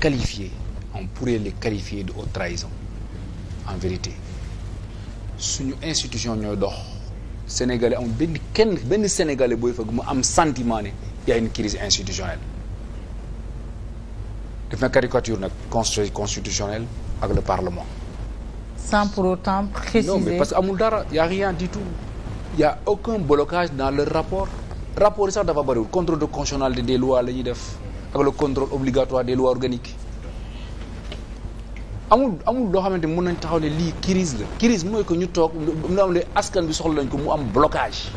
qualifier, on pourrait les qualifier de haute trahison en vérité suñu institution ñooy dox sénégalais am benn kenn benn sénégalais booy fag mu am sentiment ne y a une crise institutionnelle def na caricature nag conseil constitutionnel ak le parlement. sans pour autant préciser. parce que amul dara y a rien du tout y a aucun blocage dans le rapport rapport yi sax dafa bëriwul contrôle de constitutionnalité des lois la ñuy def. ak le contrôle obligatoire des lois organiques amul amul loo xamante mun nañ taxaw ne lii crise la crise mooy que ñu toog loo xam ne askan bi soxla nañ ko mu am blocage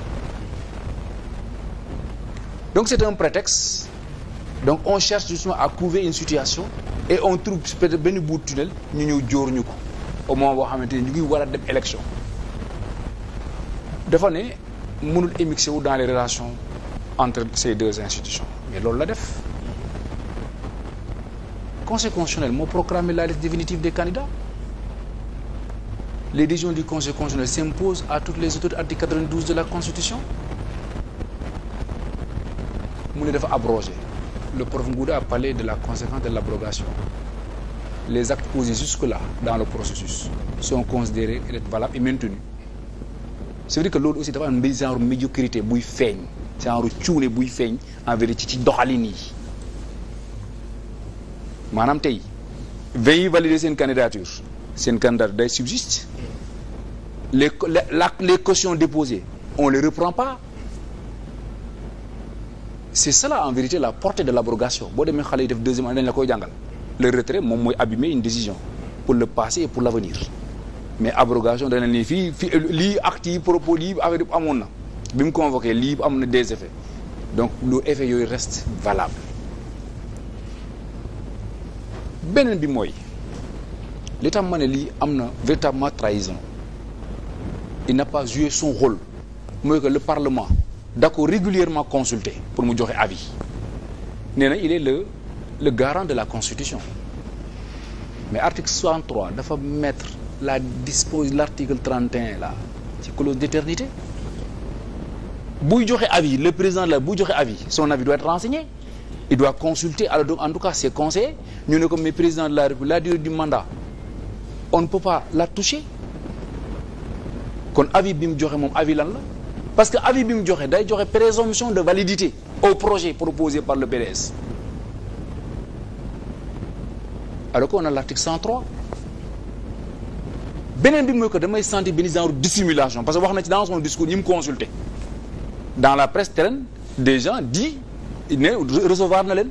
donc c'est un prétexte donc on cherche justement à couver une situation et on trouve peut-être benn bout tunnel ñu ñëw jóor ñu ko au moment boo xamante ne ñu ngi war a dem élection dafa ne mënul émixé wu dans les relations entre ces deux institutions mais loolu la def conseil constitutionnel moo proclamé la liste définitive des candidats les décisions du conseil constitutionnel s'imposent à toutes les autorités article 92 de la constitution mu le dafa abrogé le prof Ngouda a parlé de la conséquence de l'abrogation les actes posés jusque-là dans le processus sont considérés être valables et maintenus c'est vrai que loolu aussi dafa am mbir genre médiocrité buy feeñ genre cuune buy feeñ en vérité ci doxalin yi maanaam tey vingt yi valider seen candidature seen candidature day subsiste les la les cautions déposées on les reprend pas c'est cela en vérité la portée de l'abrogation boo demee xale yi def deuxième année dañ la koy jàngal le retrait moom mooy abîmer une décision pour le passé et pour l'avenir mais abrogation dana ni fii fii lii acte yi propos lii affaire amoon na bi mu convoqué lii am na des effets donc lu effet yooyu reste valable beneen bi mooy li tam ma ne lii am na véritablement trahison il n'a pas joué son rôle mooy que le parlement da ko régulièrement consulté pour mu joxe avis nee na il est le le garant de la constitution mais article 63 dafa mettre la dispose l'article 31 là ci clause d'éternité buy joxe avis le président la buy joxe avis son avis doit être renseigné il doit consulter alors donc en tout cas ses conseillers ñu ne ko mais président de la République la durée du mandat on ne peut pas la toucher kon avis bi mu joxe moom avis lan la parce que avis bi mu joxe day joxe présomption de validité au projet proposé par le PDS alors qu'on a l'article 103 beneen bi mooy que damay sentir benn genre dissimulation parce que wax na ci dans son discours ñi mu consulté dans la presse terraine des gens dit ne recevoir na leen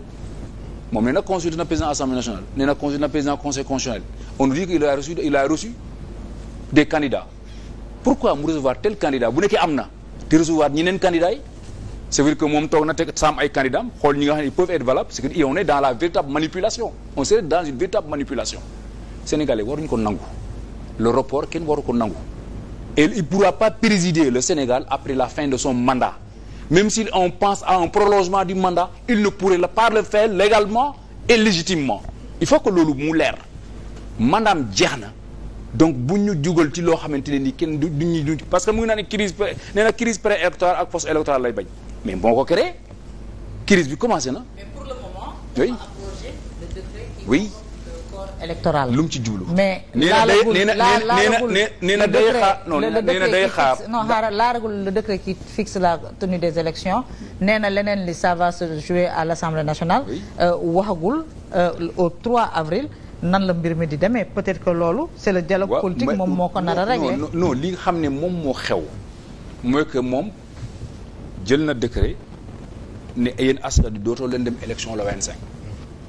moom nee na consulté na président assemblée nationale nee na consulté na président conseil constitutionnel on dit que il a reçu il a reçu des candidats pourquoi mu recevoir tel candidat bu nekkee am na te recevoir ñeneen candidats yi c'est vrai que moom toog na te saam ay candidats xool ñi nga xam ne ils peuvent être valables c'est que on est dans la véritable manipulation on serait dans une véritable manipulation sénégalais waruñu ko kenn waru ko nangu et il pourra pas le Sénégal après la fin de son mandat même si on pense à un prolongement du mandat il ne la par le faire légalement et légitimement il faut que loolu mu leer mandaam jeex na donc bu ñu jugal ci loo xamante ne ni kenn du ñu du parce que mu ngi naan crise nee na crise pré électorale ak post électorale lay bañ mais boo ko créé crise bi commencé na. mais pour électoral lu mu ci jublu. mais laalagul nee na nee na day xaar non nee na la tenue des élections nee na leneen li ça va se jouer à l'Assemblée nationale. Euh, waxagul euh, au avril. nan la mbir mi di demee peut-être que loolu c'est le dialogue politique moom moo ko nar a régler non li xam ne moom moo xew mooy que moom jël na décret ne yéen askan bi dootoo leen dem élection le 25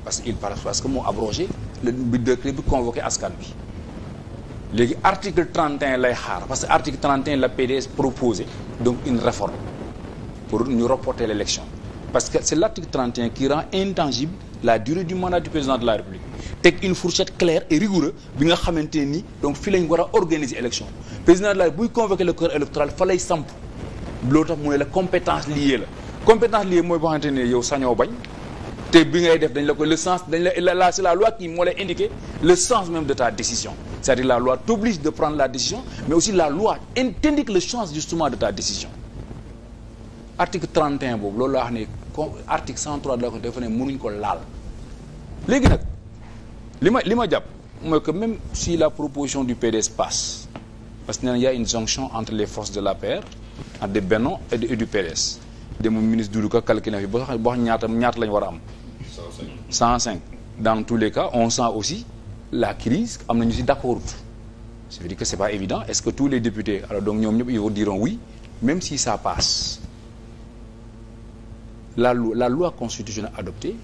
parce que il paraît parce que moo abrogé le bi décret askan bi léegi article 31 lay xaar parce que article 31 la PDS proposé donc une réforme pour ñu reporter l'élection parce que c'est l'article 31 qui rend intangible la durée du mandat du président de la République teg une fourchette claire et rigoureuse bi nga xamante ni donc fii lañ war a organiser élection président de la République buy convoqué le corps électoral fa lay samp loolu tax mu ne la compétence liée la compétence liée mooy boo xamante ne yow sañoo bañ te bi ngay def dañ la ko le sens dañ la la c'est la loi qui moo lay indiqué le sens même de ta décision c'est-à-dire la loi t'oblige de prendre la décision mais aussi la loi t'indique le sens justement de ta décision article 31 boobu loolu la wax ne comme article 103 de la dafa ne mënuñ ko laal léegi nag li ma li ma jàpp mooy que même si la proposition du PDS passe parce que nee na y a une jonction entre les forces de l'APR entre Benno et du PDS démb ministre Doudou Ka calculé na fi boo xam ñaata ñaata lañ war a am 105 105 dans tous les cas on sent aussi la crise am na ñu si d'accord ça veut dire que c'est pas évident est-ce que tous les députés alors donc ñoom ñëpp ils vous oui même si ça passe la loi la loi constitutionnelle adoptée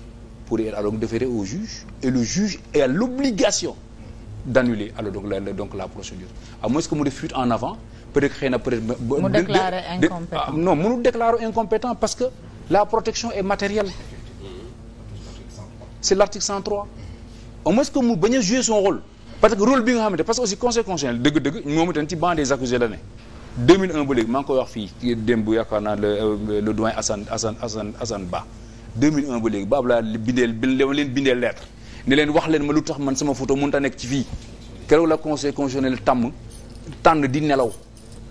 pourrait être alors déférée au juge et le juge est à l'obligation d'annuler alors donc la donc la procédure à moins que mu def fuite en avant peut-être xëy na peut-être. mu déclarer incompétent ah, non mënu déclarer incompétent parce que la protection est matérielle. c'est l'article 103 au moins que mu bañ jouer son rôle parce que rôle bi nga xamante parce que aussi conseil constitutionnel dëgg-dëgg moom itam ci banc des accusés la ne 2001 ba léegi maa ngi koy wax fii démb bu yaakaar naa le euh, le doyen Assane Assane Assane Ba ba léegi laa bindeel dama leen bindeel lettre ne leen wax leen ma lu tax man sama photo mënut a nekk ci fii keroog la conseil constitutionnel tàmm tànn di nelaw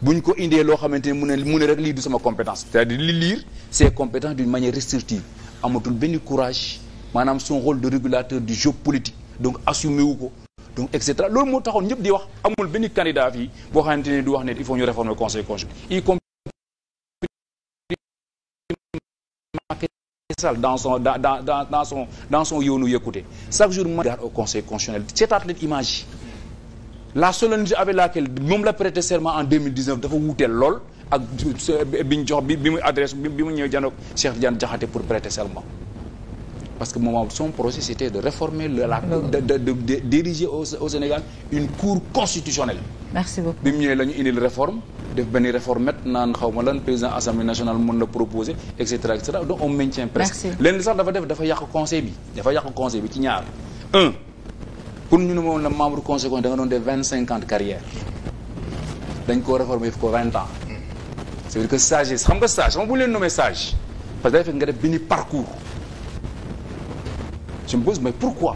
bu ñu ko indee loo xamante ne mu ne mu ne rek lii du sama compétence cest à li lire ses compétences d'une manière restrictive benn courage maanaam son rôle de régulateur du jeu politique donc assumé wu ko donc et cetera loolu moo taxoon ñëpp di wax amul benn candidat fii boo xamante ne di wax ne il faut ñu réformer conseil constitutionnel y compris Sall dans son dans dans dans son dans son yoonu yëkkute chaque jour ma au conseil constitutionnel seetaat leen image la solennité avec laquelle moom la prêté serment en 2019 dafa wuuteel lool ak bi ñu jox bi bi mu adresse bi mu ñëw janoog Cheikh Tidiane Diakhaté pour prêter serment parce que moom son projet c'était de réformer la de de, de, de diriger au, au Sénégal une cour constitutionnelle. bi mu ñëwee la ñu réforme def benn réforme naan xaw ma lan président assemblée nationale mën la proposer et cetera et cetera donc on maintient presque. merci lenn sax dafa def dafa yàq conseil bi dafa yàq conseil bi ci ñaar pour ñu ne moom la membre conseil da nga doon def vingt cinq ans de carrière dañ koo réformer def ko vingt ans. c'est-à-dire que stage xam nga bu ñu leen nommé stage parce que day fekk je me pose mais pourquoi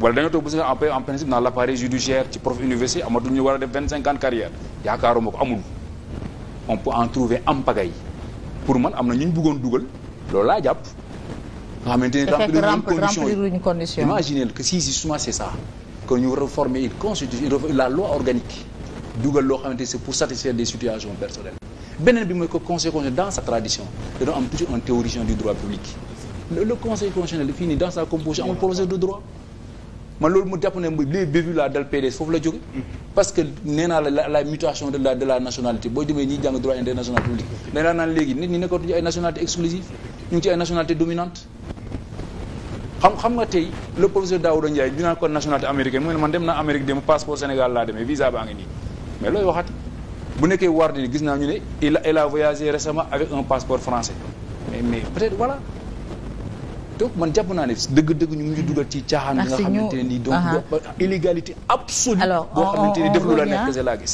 wala dañoo toog ba en en principe dans l' appareil judiciaire ci prof université amatuñu war a def vingt cinq ans carrière yaakaaruma ko amul on peut en trouver am pagaille pour man am na ñu ñu bëggoon dugal loolu laa jàpp. nga xamante ne remplir une condition imaginez que si si souvent c' est ça que ñu réformer la loi organique dugal loo xamante c'est pour satisfaire des situations personnelles beneen bi mooy que conséquence dans sa tradition le conseil constitutionnel fii nii dans sa composition amul professeur de droit man loolu mu jàpp ne les bévues la dal PDS foofu la jóge parce que nee la la mutation de la de la nationalité boo demee ñiy jàng droit international public dañ laa naan léegi nit ñi nekkatuñu ay nationalité exclusive ñu ngi ci ay nationalité dominante xam xam nga tey le professeur Daouda Ndiaye dinaa ko nationalité américaine mu ne man dem naa Amérique dem passeport Sénégal laa demee visa baa ngi nii mais looy waxati bu nekkee war di gis naa ñu ne il a il a voyagé récemment avec un donc man jàpp naa ne dëgg-dëgg ñu ngi dugal ci caaxaan bi nga xamante ne nii donc illégalité absolue boo xamante ni def lu la nekk kese laa gis